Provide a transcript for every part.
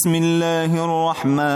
بسم الله الرحمن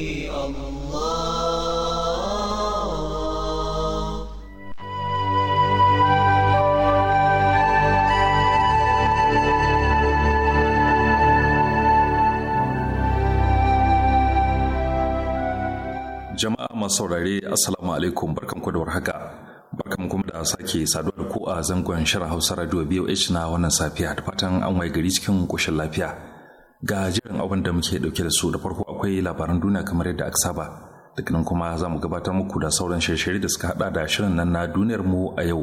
masu saurare assalamu alaikum barkan ku da warhaka barkan kuma da sake saduwa da ku a zangon shirin hausa radio boh na wannan safiya da fatan an waye gari cikin koshin lafiya ga jiran abin da muke dauke da su da farko akwai labaran duniya kamar yadda aka saba daga nan kuma za mu gabatar muku da sauran shirye-shirye da suka hada da shirin nan na duniyar mu a yau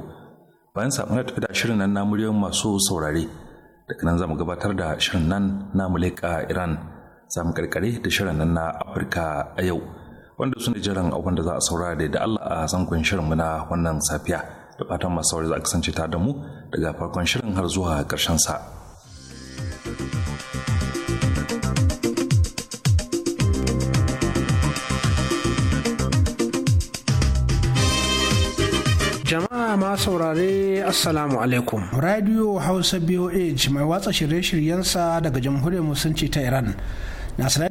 bayan sa muna tafi da shirin nan na muryoyin masu saurare daga nan za mu gabatar da shirin nan na muleka iran za mu karkare da shirin nan na afirka a yau wanda su ne jiran abin da za a saurara da da Allah a kun shirin muna wannan safiya da fatan masu saurari za a kasance ta da mu daga farkon shirin har zuwa karshen sa. Jama'a ma saurare Assalamu alaikum. Radio Hausa BOH mai watsa shirye-shiryensa daga Jamhuriyar Musulunci ta Iran. na sanar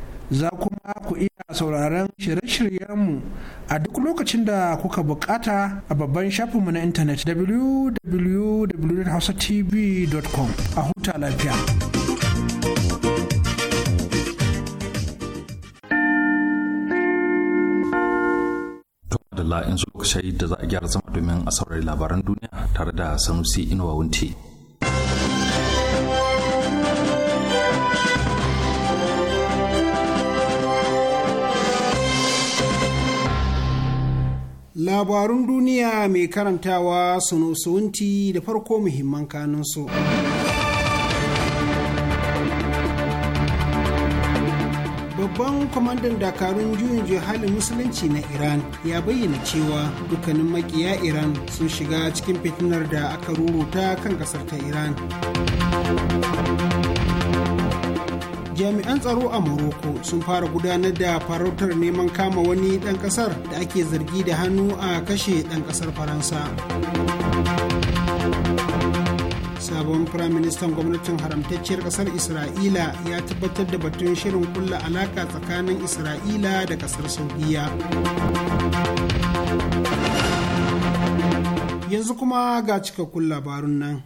za kuma ku iya sauraron shirye-shiryenmu a duk lokacin da kuka bukata a babban shafinmu na intanet www.hausatv.com a huta lafiya. Tawar da la'in lokacin da za a gyara zama domin a saurari labaran duniya tare da sanusi inuwa wunti. Labarun duniya mai karantawa suno suwunti da farko muhimman kanunsu. Babban kwamandan dakarun juyin halin musulunci na Iran ya bayyana cewa dukkanin makiya Iran sun shiga cikin fitinar da aka ruruta kan kasar ta Iran. jami'an tsaro a Morocco sun fara gudanar da farautar neman kama wani ɗan ƙasar da ake zargi da hannu a kashe ɗan ƙasar Faransa. sabon firaministan gwamnatin haramtacciyar ƙasar isra'ila ya tabbatar da batun shirin kulla alaƙa tsakanin isra'ila da ƙasar saudiya yanzu kuma ga cikakkun labarun nan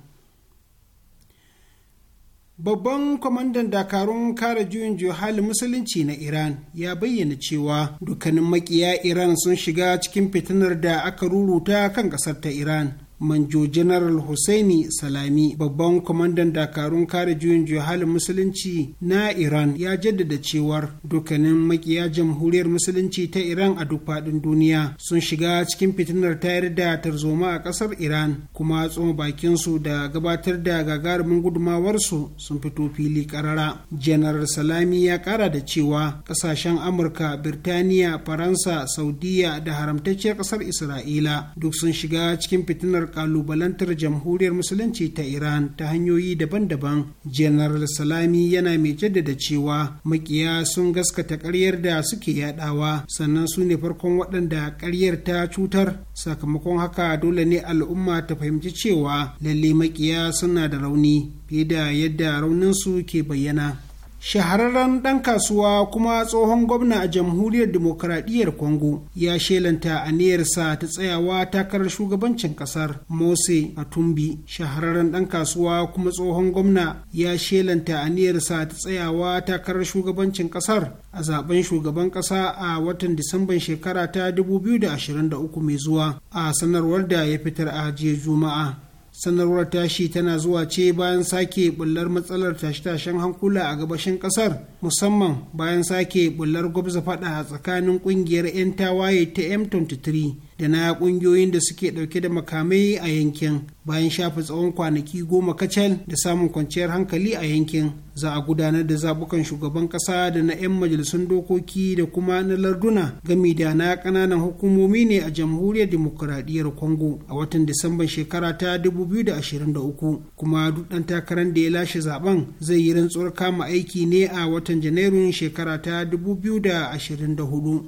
Babban kwamandan dakarun kare juyin juhal musulunci na Iran ya bayyana cewa dukkanin makiya Iran sun shiga cikin fitinar da aka ruruta kan ƙasar ta Iran. manjo janaral Hussaini Salami babban kwamandan dakarun kare juyin juya halin musulunci na Iran ya jaddada cewar dukkanin makiya jamhuriyar musulunci ta Iran a duk faɗin duniya sun shiga cikin fitinar tayar da tarzoma a ƙasar Iran kuma tsoma bakinsu da gabatar da gagarumin gudumawarsu sun fito fili ƙarara. Janaral Salami ya ƙara da cewa ƙasashen Amurka, Birtaniya, Faransa, Saudiya da haramtacciyar ƙasar Isra'ila duk sun shiga cikin fitinar niyyar kalubalantar jamhuriyar musulunci ta iran ta hanyoyi daban-daban general salami yana mai jaddada cewa makiya sun gaskata karyar da suke yadawa sannan su ne farkon waɗanda karyar ta cutar sakamakon haka dole ne al'umma ta fahimci cewa lalle makiya suna da rauni fiye da yadda rauninsu ke bayyana shahararren ɗan kasuwa kuma tsohon gwamna a jamhuriyar demokuraɗiyyar congo ya shelanta aniyarsa ta tsayawa takarar shugabancin ƙasar mose atumbi shahararren ɗan kasuwa kuma tsohon gwamna ya shelanta aniyarsa ta tsayawa takarar shugabancin ƙasar a zaben shugaban ƙasa a watan disamban shekara ta 2023 mai zuwa a sanarwar da ya fitar a jiya juma'a sanarwar tashi tana zuwa ce bayan sake bullar matsalar tashe-tashen hankula a gabashin kasar musamman bayan sake bullar gwabza fada a tsakanin kungiyar 'yan tawaye ta m23 da na kungiyoyin da suke dauke da makamai a yankin bayan shafe tsawon kwanaki goma kacal da samun kwanciyar hankali a yankin za a gudanar da zabukan shugaban kasa da na 'yan majalisun dokoki da kuma na larduna gami da na kananan hukumomi ne a jamhuriyar demokuraɗiyyar congo a watan disamban shekara ta 2023 kuma duk ɗan takarar da ya lashe zaben zai yi rantsuwar kama aiki ne a watan janairun shekara ta 2024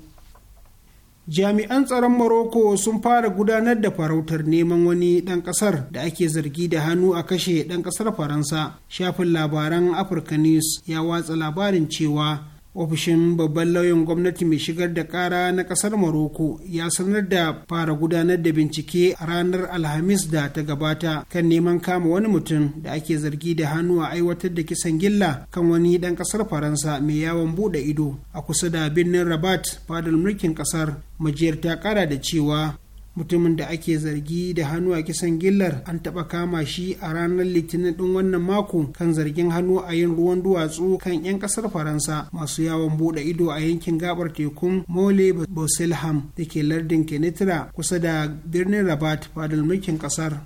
jami'an tsaron Maroko sun fara gudanar da farautar neman wani ɗan ƙasar da ake zargi da hannu a kashe ɗan ƙasar Faransa. Shafin labaran Africa News ya watsa labarin cewa ofishin babban lauyan gwamnati mai shigar da kara na kasar maroko ya sanar da fara gudanar da bincike a ranar alhamis da ta gabata kan neman kama wani mutum da ake zargi da hannu a aiwatar da kisan gilla kan wani dan kasar faransa mai yawon bude ido a kusa da birnin rabat fadar mulkin kasar majiyar ta kara da cewa mutumin da ake zargi da hannu a kisan gillar an taɓa kama shi a ranar litinin ɗin wannan mako kan zargin hannu a yin ruwan duwatsu kan 'yan ƙasar faransa masu yawon buɗe ido a yankin gabar tekun mole boselham da ke lardin kenitra kusa da birnin rabat fadar mulkin ƙasar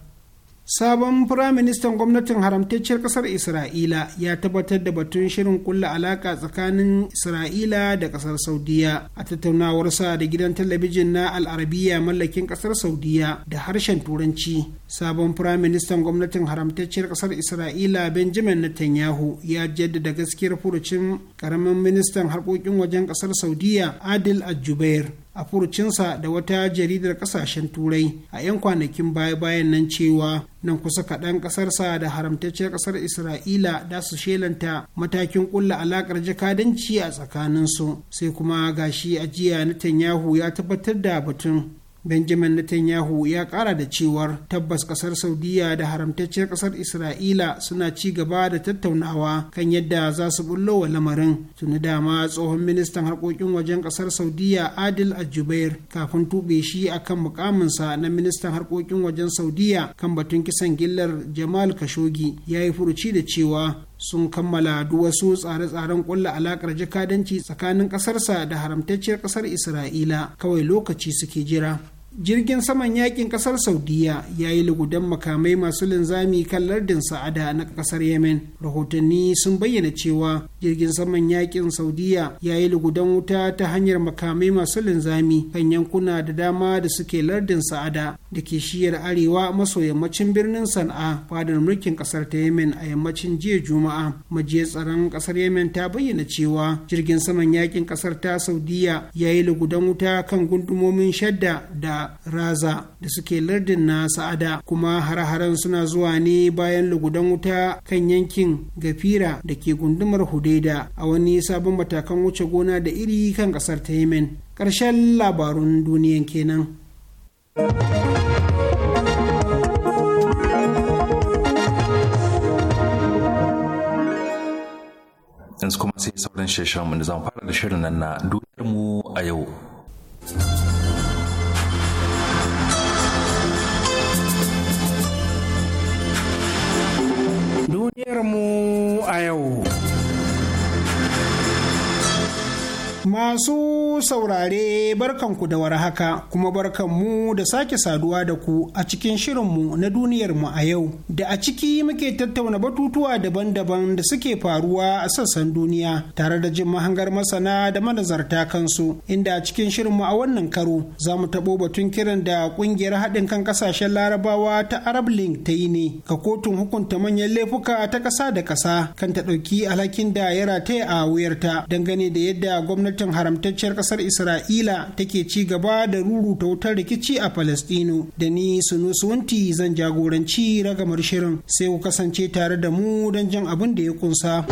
sabon firaministan gwamnatin haramtacciyar kasar isra'ila ya tabbatar da batun shirin kulla alaka tsakanin isra'ila da kasar saudiya a tattaunawarsa da gidan talabijin na al'arabiya mallakin kasar saudiya da harshen turanci sabon firaministan gwamnatin haramtacciyar kasar isra'ila benjamin netanyahu ya jaddada gaskiyar furucin karamin ministan harkokin wajen kasar saudiya adil ajubair a furucinsa da wata jaridar kasashen turai a 'yan kwanakin baya-bayan nan cewa nan kusa kaɗan ƙasarsa da haramtacciyar ƙasar isra'ila da su shelanta matakin ƙulla alaƙar jakadanci a tsakaninsu sai kuma gashi a jiya tanyahu ya tabbatar da batun benjamin netanyahu ya kara da cewar tabbas kasar saudiya da haramtacciyar kasar isra'ila suna ci gaba da tattaunawa kan yadda za su bullo wa lamarin tuni dama tsohon ministan harkokin wajen kasar saudiya adil ajubair kafin tube shi a kan mukaminsa na ministan harkokin wajen saudiya kan batun kisan gillar jamal kashogi ya yi furuci da cewa sun kammala wasu tsare-tsaren kulla alakar jakadanci tsakanin ƙasarsa da haramtacciyar ƙasar isra'ila kawai lokaci suke jira jirgin saman yakin kasar saudiya ya yi lugudan makamai masu linzami kan lardin sa'ada na kasar yemen rahotanni sun bayyana cewa jirgin saman yakin saudiya ya yi lugudan wuta ta hanyar makamai masu linzami kan yankuna da dama da suke lardin sa'ada da ke shiyar arewa maso yammacin birnin sana'a fadar mulkin kasar ta yemen a yammacin jiya juma'a majiyar tsaron kasar yemen ta bayyana cewa jirgin saman yakin kasar ta saudiya ya yi lugudan wuta kan gundumomin shadda da raza da suke lardin na sa'ada kuma har-haren suna zuwa ne bayan lugudan wuta kan yankin gafira da ke gundumar hudeda a wani sabon matakan wuce gona da iri kan kasar ta yemen ƙarshen labarun duniyan kenan. yanzu kuma sai sauran shirin da zan fara da shirin nan na duniyar mu a yau. mu a yau. Masu saurare barkanku da war haka kuma barkanmu da sake saduwa da ku a cikin shirinmu na duniyarmu a yau da a ciki muke tattauna batutuwa daban-daban da suke faruwa a sassan duniya tare da jin mahangar masana da manazarta kansu inda a cikin shirinmu a wannan karo za mu taɓo batun kiran da ƙungiyar haɗin kan ƙasashen larabawa ta Arab Link ta yi ne ga kotun hukunta manyan laifuka ta ƙasa da ƙasa kan ta ɗauki alhakin da ya rataya a wuyarta dangane da yadda gwamnati gwamnatin haramtacciyar kasar isra'ila take ci gaba da ruruta wutar rikici a falastinu da ni sunusunti zan jagoranci ragamar shirin sai ku kasance tare da mu don jan abin da ya kunsa.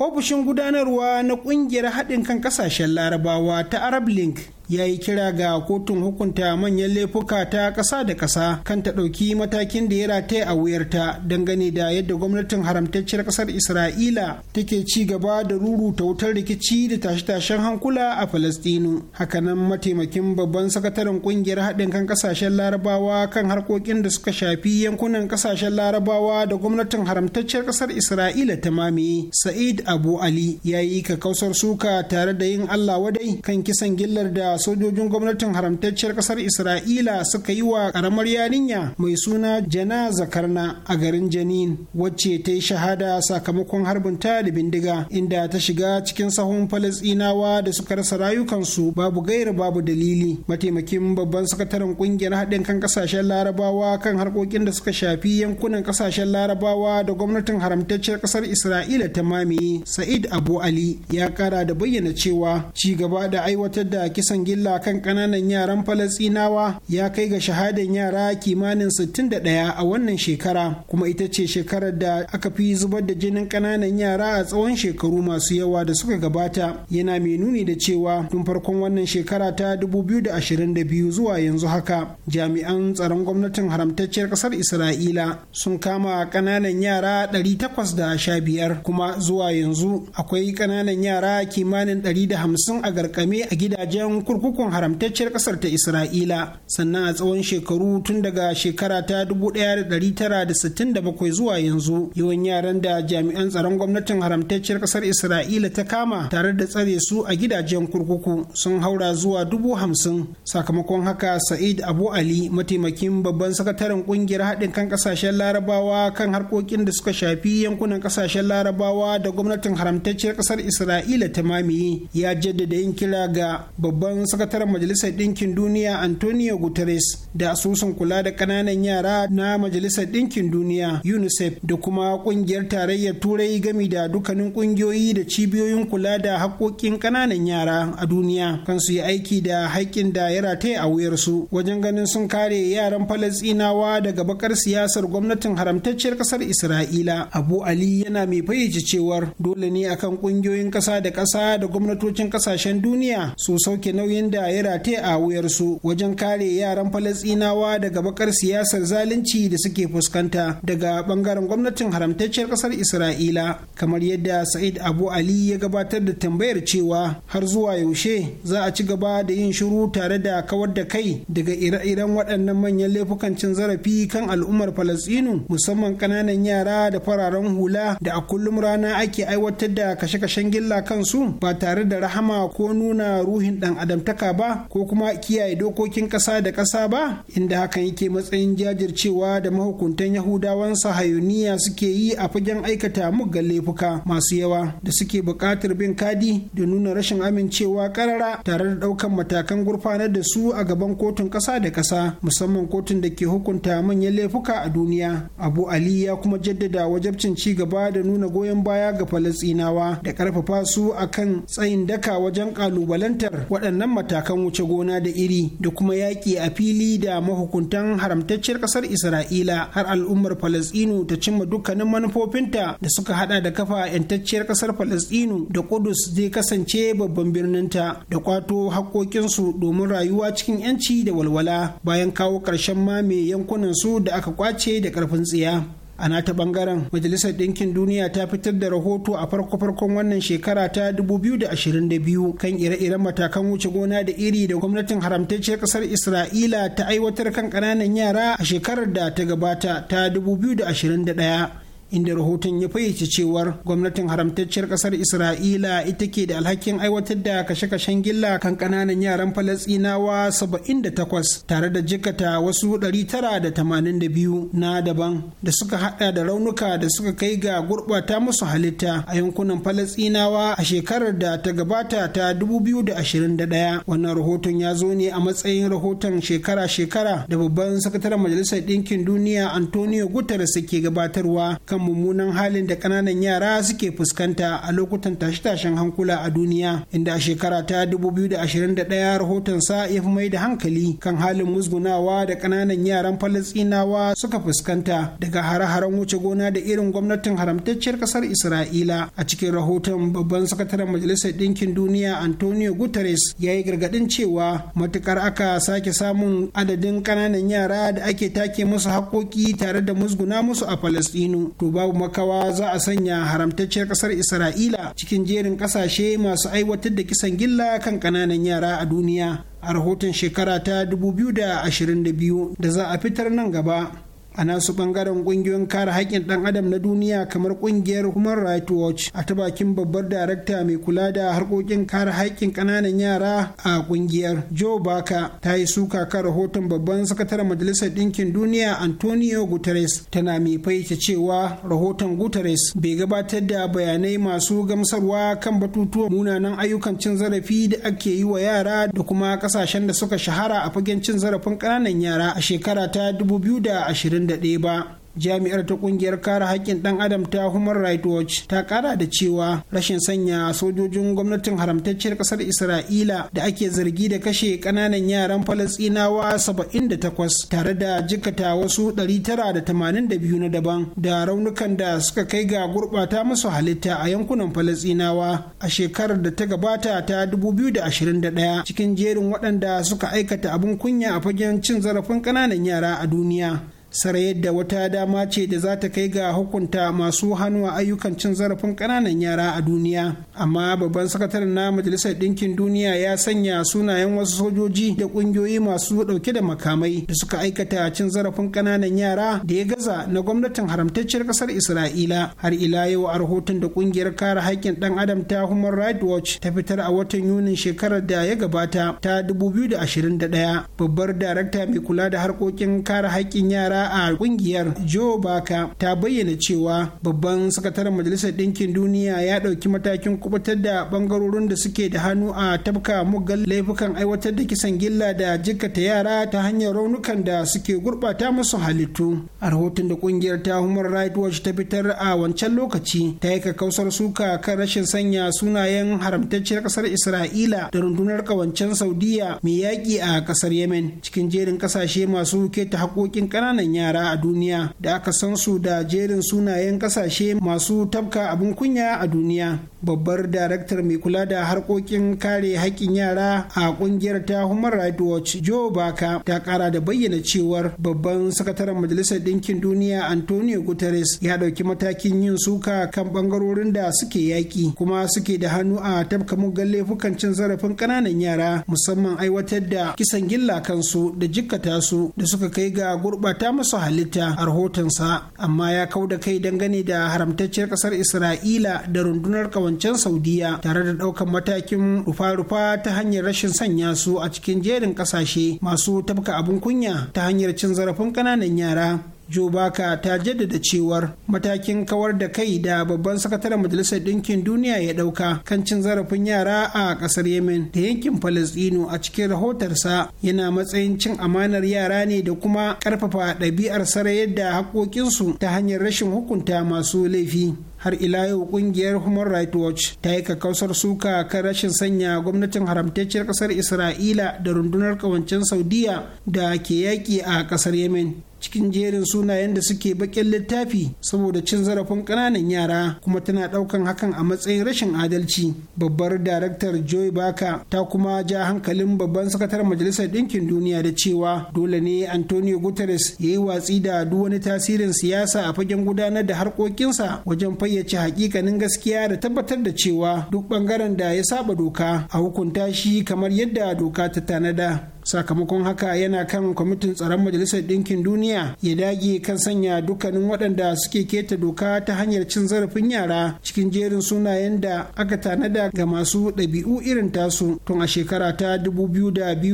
ofishin gudanarwa na kungiyar haɗin kan ƙasashen larabawa ta arab link ya yi kira ga kotun hukunta manyan laifuka ta ƙasa da ƙasa kan ta ɗauki matakin da ya rataya a wuyarta dangane da yadda gwamnatin haramtacciyar ƙasar isra'ila take ci gaba da ruruta wutar rikici da tashe-tashen hankula a falastinu hakanan mataimakin babban sakataren ƙungiyar haɗin kan ƙasashen larabawa kan harkokin da suka shafi yankunan ƙasashen larabawa da gwamnatin haramtacciyar ƙasar isra'ila ta mamaye sa'id abu ali ya yi kakausar suka tare da yin allah wadai kan kisan gillar da sojojin gwamnatin haramtacciyar kasar isra'ila suka yi wa karamar yarinya mai suna jana zakarna a garin janin wacce ta yi shahada sakamakon harbin ta da bindiga inda ta shiga cikin sahun falasɗinawa da suka rasa rayukansu babu gaira babu dalili mataimakin babban sakataren kungiyar haɗin kan kasashen larabawa kan harkokin da suka shafi yankunan kasashen larabawa da gwamnatin haramtacciyar kasar isra'ila ta mamaye sa'id abu ali ya kara da bayyana cewa ci gaba da aiwatar da kisan gilla kan ƙananan yaran falasinawa ya kai ga shahadan yara kimanin 61 a wannan shekara kuma ita ce shekarar da aka fi zubar da jinin ƙananan yara a tsawon shekaru masu yawa da suka gabata yana mai nuni da cewa tun farkon wannan shekara ta 2022 zuwa yanzu haka jami'an tsaron gwamnatin haramtacciyar ƙasar isra'ila sun kama ƙananan yara 815 kuma zuwa yanzu akwai ƙananan yara kimanin 150 a garkame a gidajen kurkuku kurkukun haramtaccen kasar ta isra'ila sannan a tsawon shekaru tun daga shekara ta 1967 zuwa yanzu yawan yaran da jami'an tsaron gwamnatin haramtacciyar kasar isra'ila ta kama tare da tsare su a gidajen kurkuku sun haura zuwa dubu hamsin sakamakon haka sa'id abu ali mataimakin babban sakataren kungiyar haɗin kan kasashen larabawa kan harkokin da suka shafi yankunan kasashen larabawa da gwamnatin haramtacciyar kasar isra'ila ta mamaye ya jaddada yin kira ga babban sakataren majalisar ɗinkin duniya antonio guterres da asusun kula da ƙananan yara na majalisar ɗinkin duniya unicef da kuma ƙungiyar tarayyar turai gami da dukkanin ƙungiyoyi da cibiyoyin kula da haƙƙoƙin ƙananan yara a duniya kan su yi aiki da haƙƙin da ya rataya a wuyar su wajen ganin sun kare yaran falastinawa daga bakar siyasar gwamnatin haramtacciyar ƙasar isra'ila abu ali yana mai fayyace cewar dole ne akan ƙungiyoyin ƙasa da ƙasa da gwamnatocin ƙasashen duniya su sauke nau nauyin da ya rataye a wuyarsu wajen kare yaran falasinawa daga bakar siyasar zalunci da suke fuskanta daga bangaren gwamnatin haramtacciyar kasar isra'ila kamar yadda sa'id abu ali ya gabatar da tambayar cewa har zuwa yaushe za a ci gaba da yin shiru tare da kawar da kai daga ire-iren waɗannan manyan laifukan cin zarafi kan al'ummar falasinu musamman ƙananan yara da fararen hula da a kullum rana ake aiwatar da kashe-kashen gilla kansu ba tare da rahama ko nuna ruhin ɗan adam dangantaka ba ko kuma kiyaye dokokin ƙasa da ƙasa ba inda hakan yake matsayin jajircewa da mahukuntan yahudawan sahayuniya suke yi a fagen aikata muggan laifuka masu yawa da suke buƙatar bin kadi da nuna rashin amincewa ƙarara tare da ɗaukan matakan gurfanar da su a gaban kotun ƙasa da ƙasa musamman kotun da ke hukunta manyan laifuka a duniya abu ali ya kuma jaddada wajabcin ci gaba da nuna goyon baya ga falastinawa da ƙarfafa su akan tsayin daka wajen ƙalubalantar waɗannan kan matakan wuce gona da iri da kuma yaƙi a fili da mahukuntan haramtacciyar ƙasar isra'ila har al'ummar falasɗinu ta cimma dukkanin manufofinta da suka hada da kafa 'yantacciyar ƙasar falasɗinu da kudus zai kasance babban birninta da kwato haƙoƙinsu domin rayuwa cikin 'yanci da walwala bayan kawo ƙarshen mame yankunan su da aka kwace da ƙarfin tsiya a nata bangaren majalisar ɗinkin duniya ta fitar da rahoto a farko-farkon wannan shekara ta 2022 kan ire-iren matakan wuce gona da iri da gwamnatin haramtacciyar ƙasar isra'ila ta aiwatar kan ƙananan yara a shekarar da ta gabata ta 2021 inda rahoton ya fayyace cewar gwamnatin haramtacciyar kasar isra'ila ita ke da alhakin aiwatar da kashe-kashen gilla kan kananan yaran falasinawa 78 tare da jikata wasu 982 na daban da suka hada da raunuka da suka kai ga gurbata musu halitta a yankunan falasinawa a shekarar da ta gabata ta 2021 wannan rahoton ya zo ne a matsayin rahoton shekara-shekara da babban sakataren majalisar ɗinkin duniya antonio guterres ke gabatarwa kan mummunan halin da ƙananan yara suke fuskanta a lokutan tashe-tashen hankula a duniya inda a shekara ta 2021 rahotonsa ya fi mai da hankali kan halin musgunawa da ƙananan yaran falastinawa suka fuskanta daga hare-haren wuce gona da irin gwamnatin haramtacciyar ƙasar isra'ila a cikin rahoton babban sakataren majalisar ɗinkin duniya antonio guterres ya yi gargaɗin cewa matukar aka sake samun adadin ƙananan yara da ake take musu haƙoƙi tare da musguna musu a falastinu to babu makawa za a sanya haramtacciyar kasar isra'ila cikin jerin kasashe masu aiwatar da kisan gilla kan kananan yara a duniya a rahoton shekara ta 2022 da za a fitar nan gaba a nasu bangaren kungiyoyin kare haƙƙin ɗan adam na duniya kamar kungiyar human rights watch a ta bakin babbar darakta mai kula da harkokin kare haƙƙin ƙananan yara a kungiyar joe baka ta yi suka kan rahoton babban sakataren majalisar ɗinkin duniya antonio guterres tana mai faice cewa rahoton guterres bai gabatar da bayanai masu gamsarwa kan batutuwan munanan ayyukan cin zarafi da ake yi wa yara da kuma ƙasashen da suka shahara a fagen cin zarafin ƙananan yara a shekara ta dubu biyu da ashirin. 21 ba jami'ar ta kungiyar kare haƙƙin ɗan adam ta human rights watch ta ƙara da cewa rashin sanya sojojin gwamnatin haramtacciyar ƙasar isra'ila da ake zargi da kashe ƙananan yaran falasɗinawa 78 tare da jikata wasu 982 na daban da raunukan da suka kai ga gurɓata musu halitta a yankunan falasɗinawa a shekarar da ta gabata ta 2021 cikin jerin waɗanda suka aikata abin kunya a fagen cin zarafin ƙananan yara a duniya sarayar da wata dama ce da za ta kai ga hukunta masu hannu a ayyukan cin zarafin ƙananan yara a duniya amma babban sakataren na majalisar ɗinkin duniya ya sanya sunayen wasu sojoji da ƙungiyoyi masu ɗauke da makamai da suka aikata cin zarafin ƙananan yara da ya gaza na gwamnatin haramtacciyar ƙasar isra'ila har ila yau a rahoton da ƙungiyar kare haƙƙin ɗan adam ta human rights watch ta fitar a watan yunin shekarar da ya gabata ta 2021 babbar darakta mai kula da harkokin kare haƙƙin yara a kungiyar joe baka ta bayyana cewa babban sakataren majalisar ɗinkin duniya ya ɗauki matakin kubutar da bangarorin da suke da hannu a tafka muggan laifukan aiwatar da kisan gilla da jikkata yara ta hanyar raunukan da suke gurɓata musu halittu a rahoton da kungiyar ta human rights watch ta fitar a wancan lokaci ta yi kakkausar suka kan rashin sanya sunayen haramtacciyar ƙasar isra'ila da rundunar ƙawancen saudiya mai yaƙi a ƙasar yemen cikin jerin ƙasashe masu keta haƙoƙin ƙananan yara a duniya da aka san su da jerin sunayen kasashe masu tabka abin kunya a duniya babbar daraktar mai kula da harkokin kare haƙƙin yara a ƙungiyar ta human rights watch joe baka ta ƙara da bayyana cewar babban sakataren majalisar ɗinkin duniya antonio guterres ya ɗauki matakin yin suka kan ɓangarorin da suke yaƙi kuma suke da hannu a tabka muggan laifukan cin zarafin ƙananan yara musamman aiwatar da kisan gilla kansu da jikkata su da suka kai ga gurɓata musu halitta a rahotonsa amma ya kau da kai dangane da haramtacciyar kasar isra'ila da rundunar kawancen saudiya tare da ɗaukan matakin rufa-rufa ta hanyar rashin sanya su a cikin jerin ƙasashe masu tafka abin kunya ta hanyar cin zarafin ƙananan yara jobaka ta jaddada cewar matakin kawar da kai da babban sakataren majalisar ɗinkin duniya ya ɗauka kan cin zarafin yara a ƙasar yemen da yankin falastinu a cikin rahotarsa yana matsayin cin amanar yara ne da kuma ƙarfafa ɗabi'ar sarayar da haƙoƙinsu ta hanyar rashin hukunta masu laifi har ila yau kungiyar human rights watch ta yi kakkausar suka kan rashin sanya gwamnatin haramtacciyar kasar isra'ila da rundunar kawancin saudiya da ke yaƙi a kasar yemen cikin jerin sunayen da suke bakin littafi saboda cin zarafin ƙananan yara kuma tana ɗaukan hakan a matsayin rashin adalci babbar daraktar joy baka ta kuma ja hankalin babban sakatar majalisar ɗinkin duniya da cewa dole ne antonio guterres ya yi watsi da duk wani tasirin siyasa a fagen gudanar da harkokinsa wajen fayyace hakikanin gaskiya da tabbatar da cewa duk ɓangaren da ya saba doka a hukunta shi kamar yadda doka ta tanada sakamakon haka yana kan kwamitin tsaron majalisar ɗinkin duniya ya dage kan sanya dukkanin waɗanda suke keta doka ta hanyar cin zarafin yara cikin jerin sunayen da aka tanada ga masu ɗabi'u irin tasu tun a shekara ta dubu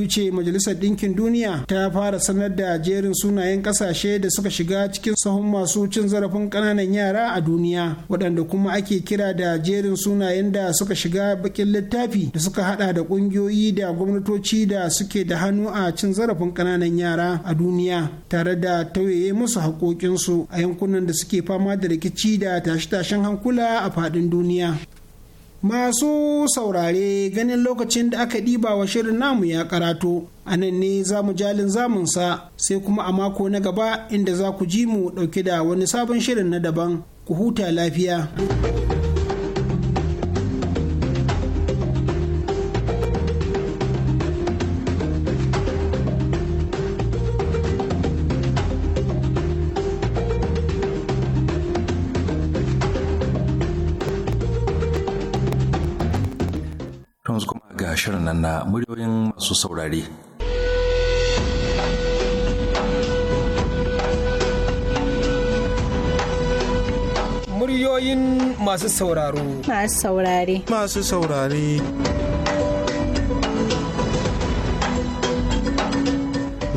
ce majalisar ɗinkin duniya ta fara sanar da jerin sunayen ƙasashe da suka shiga cikin sahun masu cin zarafin ƙananan yara a duniya waɗanda kuma ake kira da jerin sunayen da suka shiga baƙin littafi da suka haɗa da ƙungiyoyi da gwamnatoci da suke da da hannu a cin zarafin ƙananan yara a duniya tare da tauye musu haƙoƙinsu a yankunan da suke fama da rikici da tashe-tashen hankula a faɗin duniya. Masu saurare ganin lokacin da aka ɗiba wa shirin namu ya karatu a nan ne za mu jalin zamunsa sai kuma a mako na gaba inda za ku ji mu ɗauke da wani sabon shirin na daban ku huta lafiya. shirin nan na muryoyin masu saurare. Muryoyin masu sauraro. Masu saurare. Masu saurare.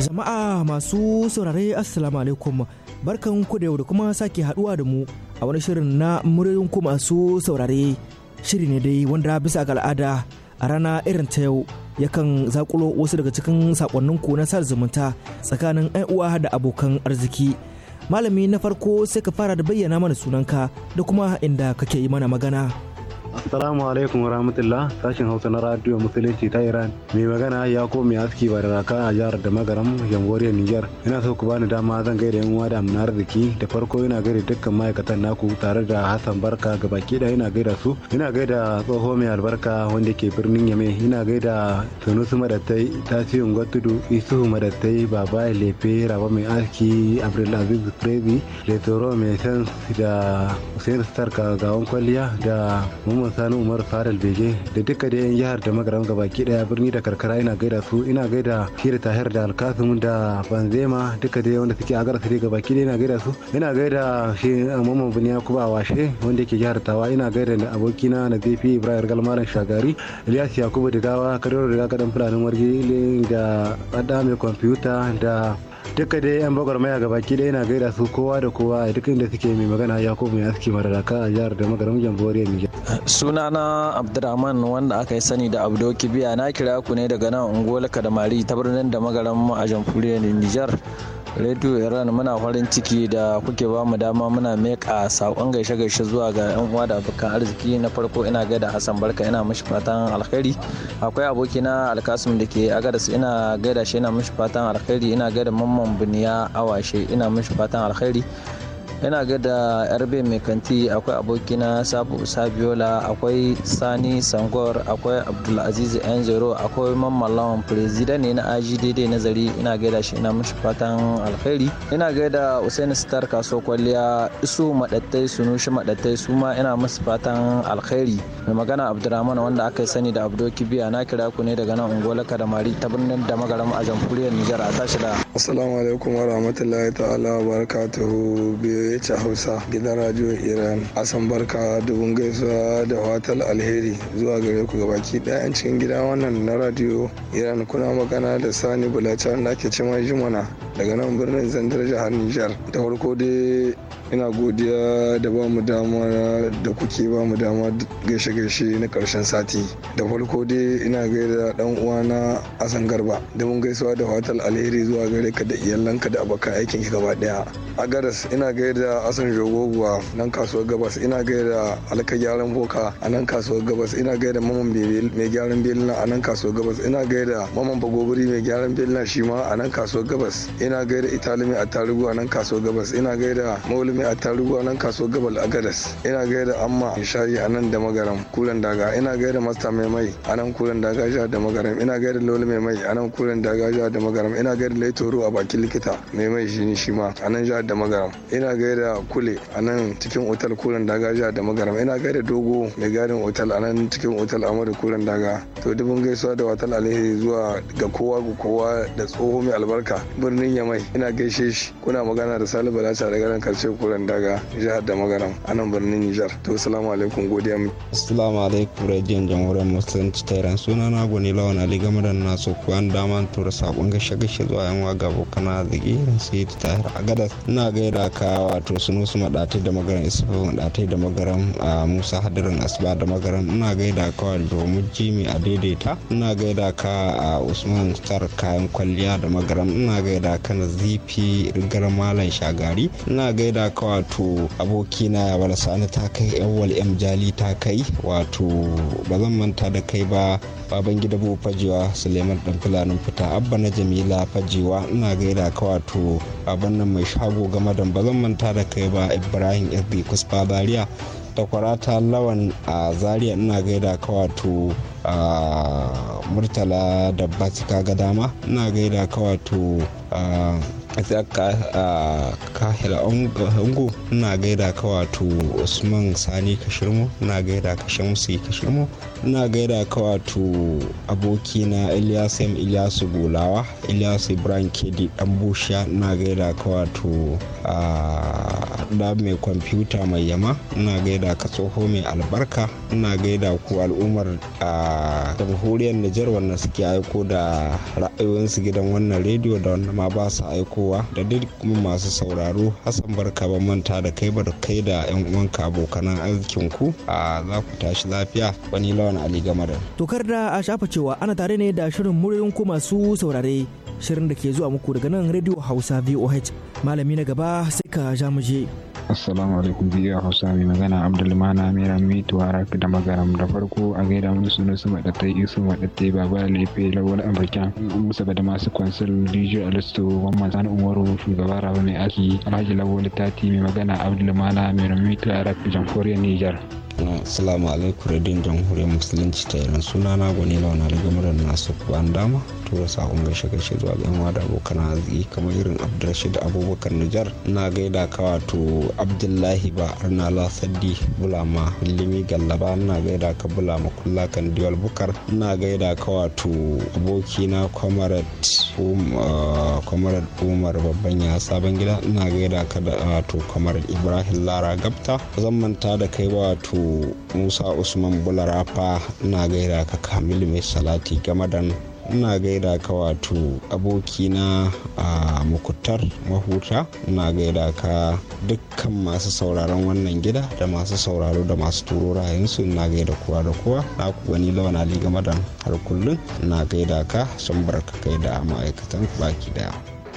Jama'a masu saurare Assalamu alaikum barkan ku da yau da kuma sake haduwa da mu a wani shirin na muryoyin ku masu saurare shiri ne dai wanda bisa ga al'ada a rana irin ta yau yakan zakulo wasu daga cikin sakonnin ku na sar zumunta tsakanin 'yan uwa da abokan arziki malami na farko sai ka fara da bayyana mana sunanka da kuma inda kake yi mana magana. Assalamu alaikum rahmatullah sashen Hausa na radio Musulunci ta Iran. Mai magana ya ko mai aski ba da raka a jihar da magaram jamhuriyar Niger. Ina so ku bani dama zan gaida yan uwa da amna arziki da farko ina gaida dukkan ma'aikatan naku tare da Hassan Barka gabaki da ina gaida su. Ina gaida tsoho mai albarka wanda ke birnin Yame. Ina gaida Sunusu Madattai, Tasiyun Ngwatudu, Isuhu Madattai, Baba Lefe, Raba mai aski, Aziz Crazy, Letoro mai sans da Hussein Starka wani kwalliya da Muhammad sani umar fadal bege da duka da yan jihar da magaran gabaki daya birni da karkara ina gaida su ina gaida shi da tahir da alkasim da banzema duka da wanda suke a gara su gabaki daya ina gaida su ina gaida shi eh, mamman buniya kuba washe wanda yake jihar tawa ina gaida da abokina na zefi ibrahim galmaran shagari ilyas yakubu da gawa kadoro da kadan fulanin wargi da tsada mai kwamfuta da duka dai yan bagwarmaya gabaki ɗaya na gaida su kowa da kowa a duk inda suke mai magana ko mai aski mararaka a jihar da magaram jamhuriyar nijar sunana abdurrahman wanda aka yi sani da abdo kibiya na kira ku ne daga nan unguwar kadamari ta birnin da magaram a jamhuriyar nijar Radio Iran muna farin ciki da kuke ba mu dama muna meka sakon gaishe-gaishe zuwa ga 'yan uwa da abokan arziki na farko ina gaida Hassan Barka ina mishi fatan alkhairi. Akwai abokina Alkasum da ke agadas ina gaida shi ina mishi fatan alkhairi ina gaida Mamman Buniya Awashe ina mishi fatan alkhairi. yana ga da yarbe mai kanti akwai abokina sabu sabiola akwai sani sangor akwai abdulaziz enzero zero akwai mamman firizidan ne na aji daidai nazari ina gaida shi ina mashi fatan alkhairi ina gaida usaini star kaso kwalliya isu madattai sunushi madattai su ma ina masu fatan alkhairi mai magana abdulrahman wanda aka sani da abdo kibiya na kira ku ne daga nan unguwar kadamari ta birnin da magaram a jamhuriyar nijar a tashi da assalamu alaikum wa rahmatullahi ta'ala wa barakatuhu BOH Hausa gidan radiyon Iran. Asan barka dubun gaisuwa da watal alheri zuwa gare ku gabaki daya yan cikin gida wannan na radiyo Iran kuna magana da Sani Bulacan da ake cima Jimana daga nan birnin Zandar jihar Nijar. Da farko dai ina godiya da ba mu dama da kuke ba mu dama gaishe-gaishe na karshen sati. Da farko dai ina gaida dan uwana Asan Garba dubun gaisuwa da watal alheri zuwa gare ka da iyalanka da abokan aikin ki gaba daya. A garas ina gaida gaida asan jogoguwa nan kasuwar gabas ina gaida alka gyaran boka a nan kasuwar gabas ina gaida maman mai gyaran belina a nan kasuwar gabas ina gaida maman bagobiri mai gyaran belina shi ma a nan kasuwar gabas ina gaida Italimi mai attarugu a nan kasuwar gabas ina gaida mauli mai attarugu a nan kasuwar gabal Gadas ina gaida amma shayi a nan da magaram kulan daga ina gaida masta mai mai a nan kulan daga sha da magaram ina gaida loli mai mai a nan kulan daga sha da magaram ina gaida laitoro a bakin likita mai mai shi ne shi ma a nan sha da magaram ina gaida da kule a nan cikin otal kuren daga jiya da magarama ina da dogo mai gadin otal a nan cikin otal amadu kuren daga to dubin gaisuwa da watan alheri zuwa ga kowa ga kowa da tsoho mai albarka birnin yamai ina gaishe shi kuna magana da salihu balasa daga nan karshe kuren daga jihar da magaram a nan birnin nijar to salamu alaikum godiya mu assalamu alaikum radiyon jamhuriyar musulunci tairan suna na gwani lawan ali game da nasu kuwan daman tura sakon gashe gashe zuwa yan waga abokan arziki sai ta tahir gadas ina gaida kawa wato sunu su maɗatai da magaran isufu maɗatai da magaran musa hadirin asba da magaran ina gaida ka domin jimi a daidaita ina gaida ka a usman star kayan kwalliya da magaran ina gaida ka na zifi rigar malam shagari ina gaida ka wato abokina ya bala sani ta kai yan wal jali ta kai wato ba zan manta da kai ba baban gida bu fajiwa suleiman dan fulanin fita abba na jamila fajiwa ina gaida ka wato baban nan mai shago game da bazan manta da kai ba ibrahim irbi kusfa zaria da kwarata lawan a zaria ina gaida ka wato a murtala da batika ga dama ina gaida ka wato a kahila ungu ina gaida ka wato usman sani kashirmu ina gaida ka shamsi kashirmu. ina gaida ka wato abokina Ilyas M Ilyasu Gulawa ilyasu Ibrahim Kedi dan Busha ina gaida ka wato da mai kwamfuta mai yama ina gaida ka tsoho mai albarka ina gaida ku al'ummar a jamhuriyar Nijar wannan suke aiko da ra'ayoyinsu gidan wannan rediyo da wannan ma ba su aikowa da duk masu sauraro Hassan barka ban manta da kai ba da kai da 'yan uwanka abokan arzikin ku a za ku tashi lafiya wani lawan. lawan ali gamar tokar da a shafa cewa ana tare ne da shirin muryoyin ku masu saurare shirin da ke zuwa muku daga nan radio hausa voh malami na gaba sai ka ja mu je assalamu alaikum biyu hausa mai magana abdulmana mera mitu harak da magaram da farko a gaida mun suna su maɗattai isu maɗattai baba lefe lawal amurka musa da masu kwansil dj alisto wamma zan umaru shugaba rabu mai aki alhaji lawal tati mai magana abdulmana mera mitu harak jamhuriyar niger Assalamu alaikum radin jamhuriyar musulunci ta iran suna na gwani launa da gamarar nasu kuban dama tura sakon gaishe gaishe zuwa ga yanwa da abokan arziki kamar irin abdulrashid abubakar nijar na gaida ka wato abdullahi ba arna lasaddi bulama limi gallaba na gaida ka bulama kulla kan diwal bukar na gaida ka wato abokina kwamarat um, uh, umar babban ya sabon gida na gaida ka da wato kwamarat ibrahim lara gabta zan manta da kai wato musa usman bularafa na gaira ka kamilu mai salati gamadan ina gaida ka wato abokina a mukutar mahuta ina gaida ka dukkan masu sauraron wannan gida da masu sauraro da masu turo rayunsu ina gaida kowa da kowa na ku gani lawan ali game har kullum ina gaida ka sun barka kai da ma'aikatan baki daya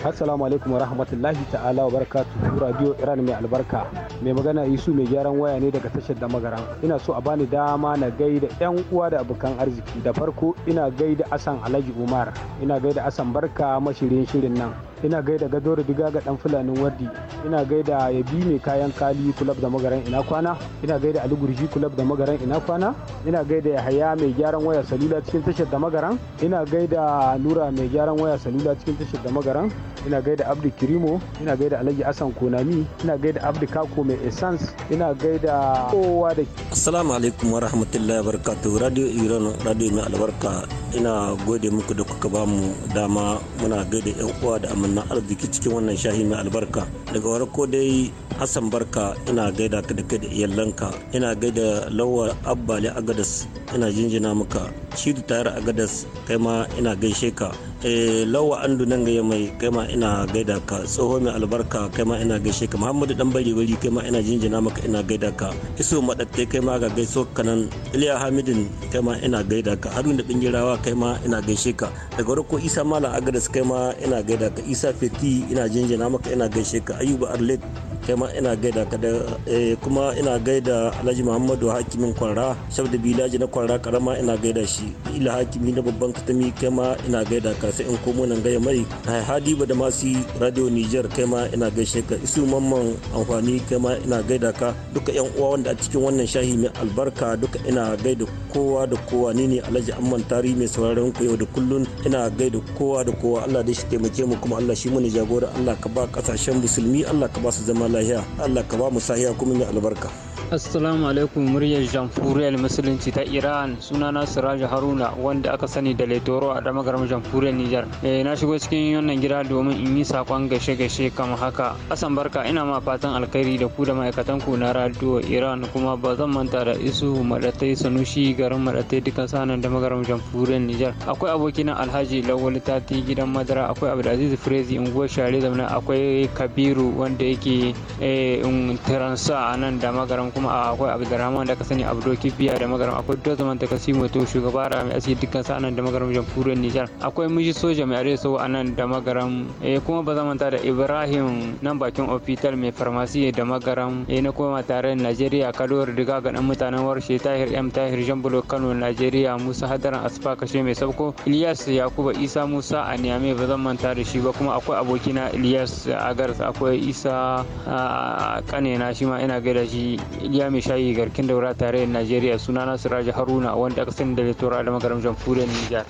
assalamu alaikum wa rahmatullahi ta'ala wa barakatuhu radio iran mai albarka mai magana isu mai gyaran waya ne daga tashar da magaran ina so a bani dama na gaida yan uwa da abokan arziki da farko ina gaida asan alhaji umar ina gaida asan barka mashirin shirin nan ina gaida gadoro diga ga dan fulanin wardi ina gaida yabi mai kayan kali kulab da magaran ina kwana ina gaida ali gurji kulab da magaran ina kwana ina gaida yahaya mai gyaran waya salula cikin tashar da magaran ina gaida nura mai gyaran waya salula cikin tashar da magaran ina gaida abdu kirimo ina gaida alhaji asan konami ina gaida abdu kako mai essence ina gaida kowa da assalamu alaikum wa rahmatullahi wa barakatu radio iran radio mai albarka ina gode muku da kuka bamu dama muna gaida yan uwa da amanna arziki cikin wannan shahi mai albarka daga warko dai hassan barka ina gaida ka da kai da iyalanka ina gaida lawar abbali agadas ina jinjina maka shi da tayar agadas kai ma ina gaishe ka Eh, lawa andu nan gaya mai kaima ina gaida ka tsoho mai albarka kaima ina gaishe ka muhammadu dan bari wuri kaima ina jinjina maka ina gaida ka iso madatte kaima ga gaiso kanan iliya hamidin kaima ina gaida ka da bingirawa kaima ina gaishe ka daga rako isa malam agadas kaima ina gaida ka isa feti ina jinjina maka ina gaishe ka ayuba arlet kaima ina gaida ka da eh, kuma ina gaida alhaji muhammadu hakimin kwara shabda bilaji na kwara karama ina gaida shi ila hakimi na babban katami kaima ina gaida ka sai in komo nan gaya mai hadi ba da masu radio niger kai ma ina gaishe ka isu mamman amfani kai ma ina gaida ka duka yan uwa wanda a cikin wannan shahi mai albarka duka ina gaida kowa da kowa ni ne alhaji amman tari mai sauraron ku yau da kullun ina gaida kowa da kowa allah da shi taimake mu kuma allah shi mu ne jagora allah ka ba kasashen musulmi allah ka ba su zama lahiya allah ka ba mu sahiya kuma mai albarka. Assalamu alaikum muryar jamhuriyar musulunci ta Iran sunana Siraju Haruna wanda aka sani da Letoro a damagar jamhuriyar Nijar. Eh na shigo cikin wannan gida domin in yi sakon gashe-gashe kamar haka. Asan barka ina ma fatan alkhairi da ku da ma'aikatan ku na radio Iran kuma ba zan manta da isu madatai sanushi garin madatai dukkan sanan damagar jamhuriyar Nijar. Akwai abokina Alhaji Lawal Tati gidan madara akwai Abdulaziz Frezi unguwar Share zamna akwai Kabiru wanda yake eh in a nan da kuma akwai abdulrahman da ka sani abdo kibiya da magaram akwai dozman ta mai to shugaba rami asiri dukkan sa'anan da magaram jamhuriyar nijar akwai miji soja mai arewa a nan da magaram eh kuma ba manta da ibrahim nan bakin ofital mai farmasi da magaram eh na koma tare najeriya kado riga ga dan mutanen warshe tahir m tahir jambulo kano najeriya musa hadaran asfa kashe mai sabko ilyas yakuba isa musa a niyame ba zan manta da shi ba kuma akwai abokina ilyas agars akwai isa ah, na shi ma ina gaida shi iliya mai shayi garkin daura da najeriya suna nasiraji haruna wanda aka sani da litora da magaram jamhuriyar nijar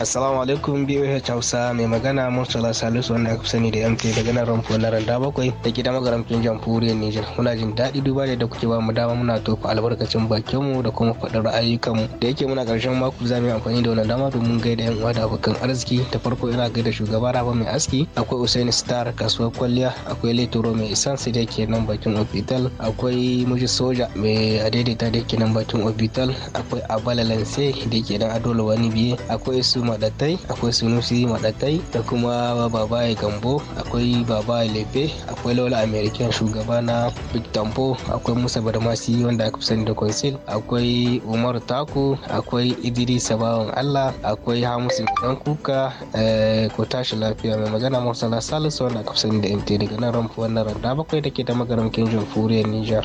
Assalamu alaikum BOH Hausa mai magana Murtala Salisu wanda aka sani da MP daga nan Ramfo na Randa bakwai da gidan da magaramcin jamhuriyar Nijar. Muna jin daɗi duba da kuke ba mu dama muna tofa albarkacin bakinmu da kuma faɗar mu Da yake muna ƙarshen mako za mu yi amfani da wannan dama domin gaida yan uwa da abokan arziki. Da farko ina gaida shugaba Rafa mai aski, akwai Usaini Star kasuwar kwalliya, akwai Letoro mai isan sai da ke nan bakin hospital, akwai Muji soja mai adaidaita da ke nan bakin obital akwai abala lanse da ke nan adola wani biye akwai su madatai akwai sunusi madatai da kuma babaye gambo akwai babaye lefe akwai lola american shugaba na big akwai musa barmasi wanda aka sani da consil akwai umar taku akwai idrisa bawan allah akwai hamisu dan kuka eh, ko tashi lafiya mai magana masala salisu wanda aka sani da mt daga nan ramfu wannan randa bakwai da ke da magaramkin jamhuriyar niger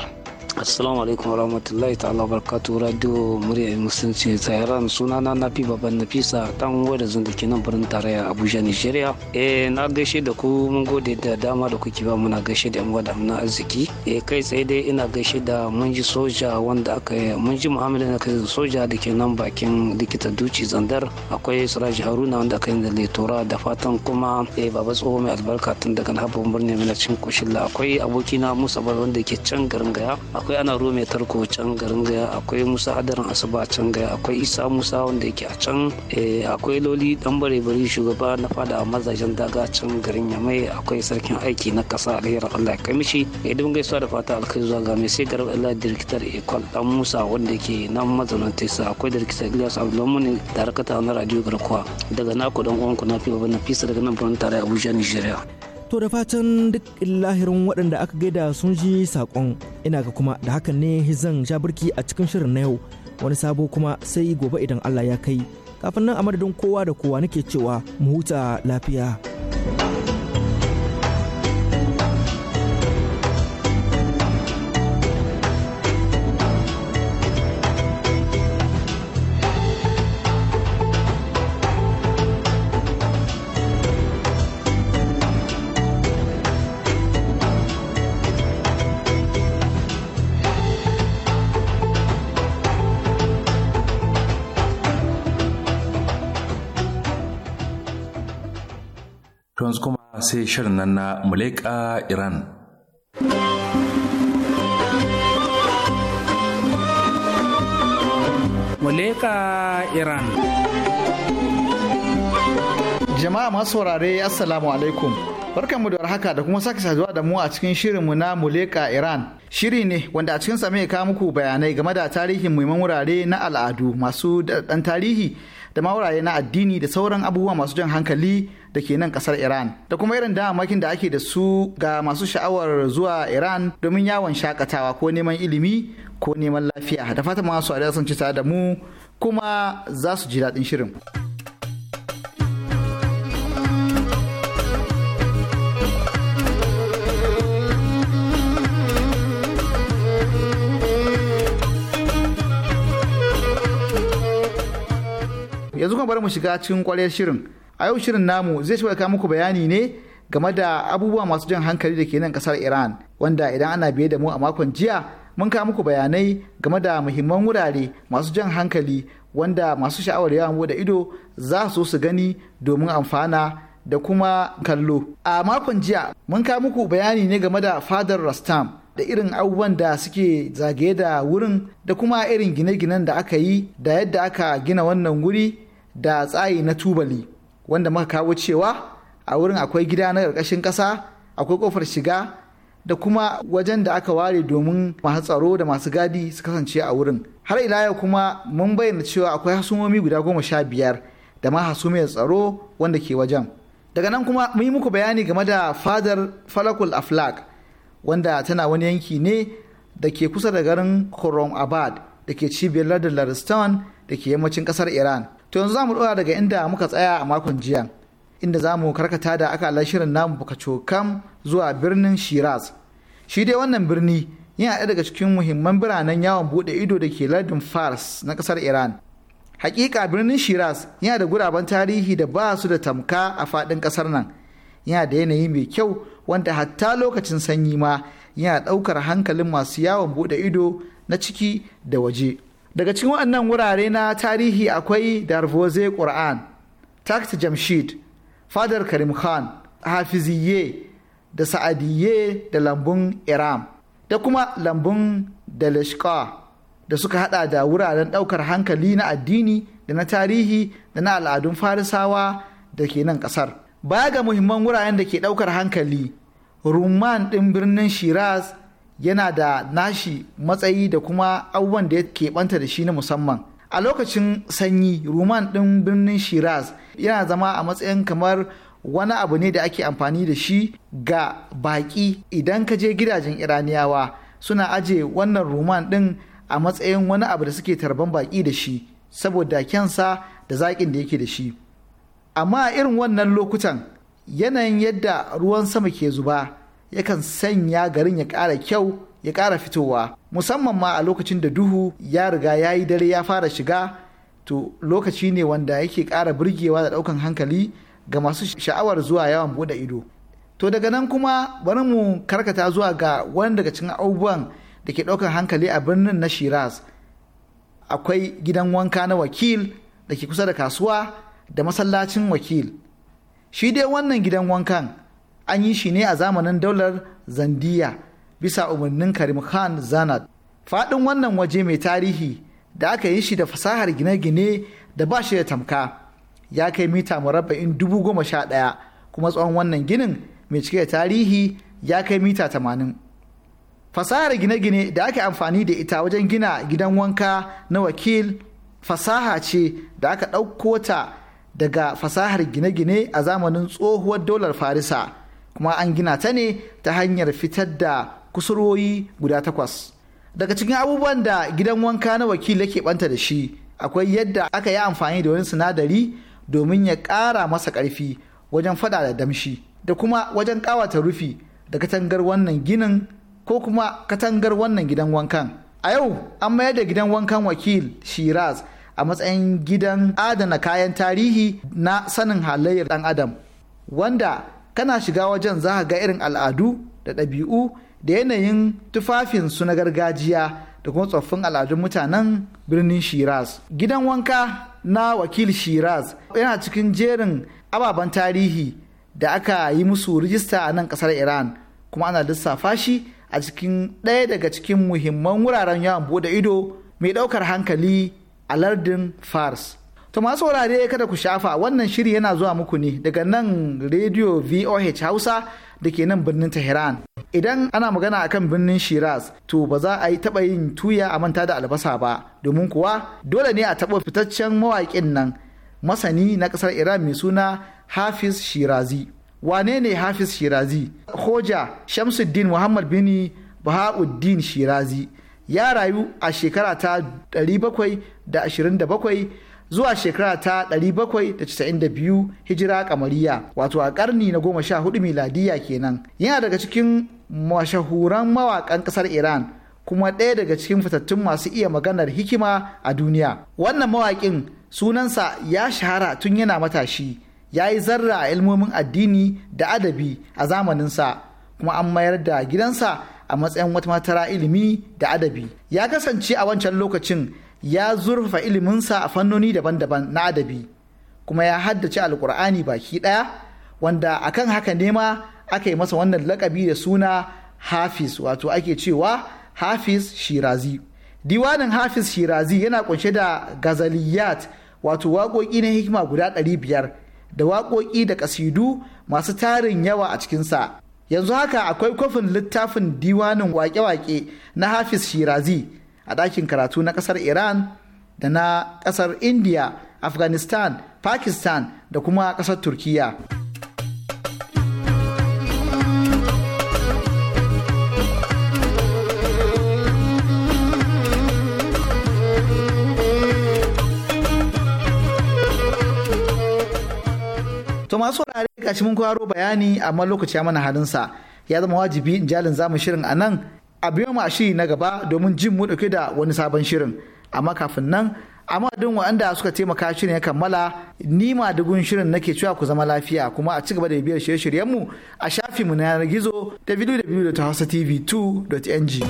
assalamu alaikum warahmatullahi ta'ala barkatu radio murya musulunci tsayaran sunana na nafi baban nafisa dan wadda zan dake nan birnin tarayya abuja nigeria eh na gaishe da ku mun gode da dama da kuke ba muna gaishe da yan da na arziki eh kai tsaye dai ina gaishe da munji soja wanda aka yi munji muhammadu na kai soja da ke nan bakin likita duci zandar akwai siraji haruna wanda aka yi da letora da fatan kuma eh baba tsoho mai albarka tun daga na habon birnin yamina cikin kushilla akwai abokina musa bar wanda ke can garin gaya akwai ana mai tarko can garin gaya akwai musa adaran asuba can gaya akwai isa musa wanda yake a can eh, akwai loli dan bare bari shugaba na fada a mazajen daga can garin yamai akwai sarkin aiki na kasa alherin allah kai mishi idan eh, gaisuwa da fata alkai zuwa ga mai sai garba allah direktar ikon dan musa wanda yake nan mazaunin tesa akwai direktar ilyas abdulmuni da harkata na radio garkuwa daga naku dan uwanku na fi babban na fisa daga nan birnin tare abuja nigeria To da fatan duk lahirin waɗanda aka gaida sun ji saƙon ina ga kuma da hakan ne zan sha birki a cikin shirin na yau wani sabo kuma sai gobe idan Allah ya kai kafin nan a madadin kowa da kowa nake cewa mu huta lafiya. sai shirin nan na Muleka Iran. Muleka Iran. Jama'a masu wurare Assalamu alaikum. barkan mu da warhaka da kuma sake saduwa da mu a cikin shirin mu na Muleka Iran. Shiri ne wanda a cikin mai kawo muku bayanai game da tarihin muhimman wurare na al'adu masu dan tarihi da ma wurare na addini da sauran abubuwa masu jan hankali da ke nan kasar Iran da kuma irin damamakin da ake da su ga masu sha'awar zuwa Iran domin yawon shakatawa ko neman ilimi ko neman lafiya da fatan masu a sun ci tare da mu kuma za su ji daɗin shirin. yanzu kuma bari mu shiga cikin kwaryar shirin a yau shirin namu zai ci muku bayani ne game da abubuwa masu jan hankali da ke nan kasar iran wanda idan ana biye da mu a makon jiya mun kawo muku bayanai game da muhimman wurare masu jan hankali wanda masu sha'awar yawon da ido za su su gani domin amfana da kuma kallo a makon jiya mun kawo muku bayani ne game da fadar rastam da irin abubuwan da suke zagaye da wurin da kuma irin gine-ginen da aka yi da yadda aka gina wannan wuri da tsayi na tubali wanda muka kawo cewa a wurin akwai gida na ƙarƙashin ƙasa akwai ƙofar shiga da kuma wajen da aka ware domin masu tsaro da masu gadi su kasance a wurin har ila yau kuma mun bayyana cewa akwai hasumomi guda goma sha biyar da ma hasumiyar tsaro wanda ke wajen daga nan kuma mun yi muku bayani game da fadar falakul aflak wanda tana wani yanki ne da ke kusa da garin korom Abad da ke cibiyar ladar Laristan da ke yammacin kasar Iran. to yanzu za mu ɗora daga inda muka tsaya a makon jiya inda za mu karkata da aka shirin namu bukacokam zuwa birnin shiraz shi dai wannan birni yana ɗaya daga cikin muhimman biranen yawon buɗe ido da ke lardin fars na ƙasar iran hakika birnin shiraz yana da guraben tarihi da ba su da tamka a faɗin ƙasar nan yana da yanayi mai kyau wanda hatta lokacin sanyi ma yana ɗaukar hankalin masu yawon buɗe ido na ciki da waje daga cikin waɗannan wurare na tarihi akwai darvoze qur'an, Takt jamshid fadar karim khan Hafiziyye da sa'adiyye da lambun iram da kuma lambun dalishka da suka hada da wuraren ɗaukar hankali na addini da na tarihi da na al'adun farisawa da ke nan ƙasar baya ga muhimman wuraren da ke ɗaukar hankali rumman ɗin birnin shiraz yana da nashi matsayi da kuma abubuwan da ya keɓanta da shi na musamman a lokacin sanyi ruman ɗin birnin shiraz yana zama a matsayin kamar wani abu ne da ake amfani da shi ga baƙi idan ka je gidajen iraniyawa suna aje wannan ruman ɗin a matsayin wani abu da suke tarban baƙi da shi saboda kyansa da zaƙin da yake da shi amma irin wannan lokutan yanayin yadda ruwan sama ke zuba yakan sanya garin ya ƙara kyau ya ƙara fitowa musamman ma a lokacin da duhu ya riga ya yi dare ya fara shiga to lokaci ne wanda yake ƙara burgewa da ɗaukan hankali ga masu sha'awar zuwa yawan buɗe ido to daga nan kuma bari mu karkata zuwa ga wani daga cikin abubuwan da ke ɗaukar hankali a birnin na shiraz akwai gidan wanka na wakil da ke kusa da kasuwa da masallacin wakil shi dai wannan gidan wankan an yi shi ne a zamanin daular zandiya bisa umarnin karim khan zanat faɗin wannan waje mai tarihi da aka yi shi da fasahar gine-gine da ba shi da tamka ya kai mita murabba'in dubu goma sha ɗaya kuma tsawon wannan ginin mai cike da tarihi ya kai mita tamanin fasahar gine-gine da aka amfani da ita wajen gina gidan wanka na wakil fasaha ce da aka ɗauko ta daga fasahar gine-gine a zamanin tsohuwar daular farisa kuma an gina ta ne ta hanyar fitar da kusurwoyi guda takwas daga cikin abubuwan da gidan wanka na wakil yake banta da shi akwai yadda aka yi amfani da wani sinadari domin ya ƙara masa ƙarfi wajen fada da damshi da kuma wajen ƙawata rufi da katangar wannan ginin ko kuma katangar wannan gidan wankan a yau an mayar da gidan wankan wakil shiraz a matsayin gidan adana kayan tarihi na sanin halayyar ɗan adam wanda kana shiga wajen za ga irin al'adu da ɗabi'u da yanayin tufafinsu na gargajiya da kuma tsoffin al'adun mutanen birnin shiraz gidan wanka na wakil shiraz yana cikin jerin ababen tarihi da aka yi musu rijista a nan kasar iran kuma ana lissafa shi a cikin ɗaya daga cikin muhimman wuraren yawon bude ido mai ɗaukar hankali a lardin fars To masu saurare kada ku shafa wannan shiri yana zuwa muku ne daga nan Radio VOH Hausa da ke nan birnin Tehran. Idan ana magana a kan birnin Shiraz to ba za a yi taɓa yin tuya a manta da albasa ba domin kuwa dole ne a taɓa fitaccen mawaƙin nan masani na ƙasar Iran mai suna Hafiz Shirazi. Wane ne Hafiz Shirazi? Hoja Shamsuddin Muhammad Bini Bahauddin Shirazi ya rayu a shekara ta 727 zuwa shekara ta 792 hijira kamariya wato a karni na 14 miladiya kenan yana daga cikin mashahuran mawakan kasar iran kuma ɗaya daga cikin fitattun masu iya maganar hikima a duniya wannan mawaƙin sunansa ya shahara tun yana matashi ya yi zarra a ilmomin addini da adabi a zamaninsa kuma an mayar da gidansa a matsayin wata matara ilimi da adabi ya kasance a wancan lokacin ya zurfa iliminsa a fannoni daban-daban na adabi kuma ya haddace alkur'ani baki ɗaya wanda akan haka nema aka yi masa wannan lakabi da suna hafiz wato ake cewa hafiz shirazi diwanin hafiz shirazi yana kunshe da gazaliyat wato waƙoƙi na hikima guda ɗari biyar da waƙoƙi da ƙasidu masu tarin yawa a cikinsa yanzu haka akwai kwafin littafin diwanin wake-wake na hafiz shirazi a ɗakin karatu na ƙasar iran da na ƙasar india afghanistan pakistan da kuma ƙasar turkiya to masu wurare gashi mun kwaro bayani amma lokaci ya mana halinsa ya zama wajibi in jalin zamu shirin a nan a biyo mu a shiri na gaba domin jin mu dauke da wani sabon shirin amma kafin nan amma don waɗanda suka taimaka shirin ya kammala ni ma dugun shirin nake cewa ku zama lafiya kuma a cigaba da biyar shirye-shiryenmu a mu na yanar gizo www.hausatv2.ng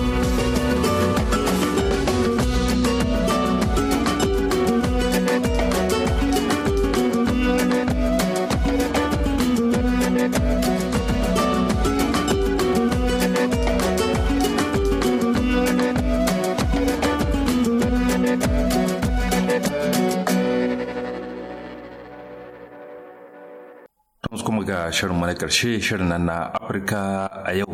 shirin na karshe shirin nan na Afirka a yau.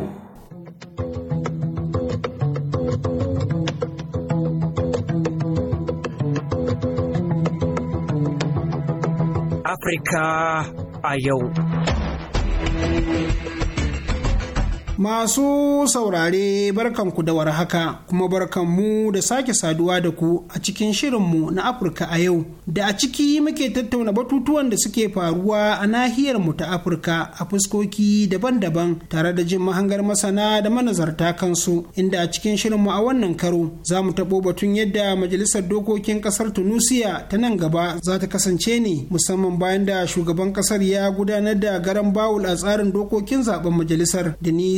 Afirka a yau. Masu saurare barkanku da warhaka kuma barkan mu da sake saduwa da ku a cikin shirinmu na Afirka a yau. Da a ciki muke tattauna batutuwan da suke faruwa a nahiyar mu ta Afirka a fuskoki daban-daban tare da jin mahangar masana da manazarta kansu inda a cikin shirinmu a wannan karo za mu taɓo batun yadda majalisar dokokin ƙasar Tunusiya ta nan gaba za ta kasance ne musamman bayan da shugaban ƙasar ya gudanar da garan bawul a tsarin dokokin zaben majalisar da ni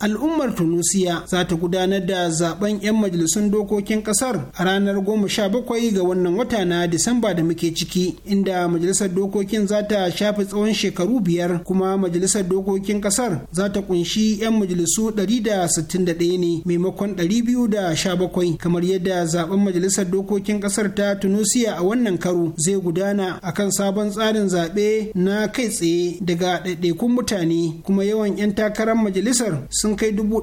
al'ummar tunusiya za ta gudanar da zaben 'yan majalisun dokokin kasar a ranar 17 ga wannan wata na disamba da muke ciki inda majalisar dokokin za ta shafi tsawon shekaru biyar kuma majalisar dokokin kasar za ta kunshi 'yan majalisu 161 ne maimakon 217 kamar yadda zaben majalisar dokokin kasar ta tunusiya a wannan karo zai gudana a kan sabon tsarin zaɓe na kai tsaye daga ɗaiɗaikun mutane kuma yawan 'yan takarar majalisar sun sun kai dubu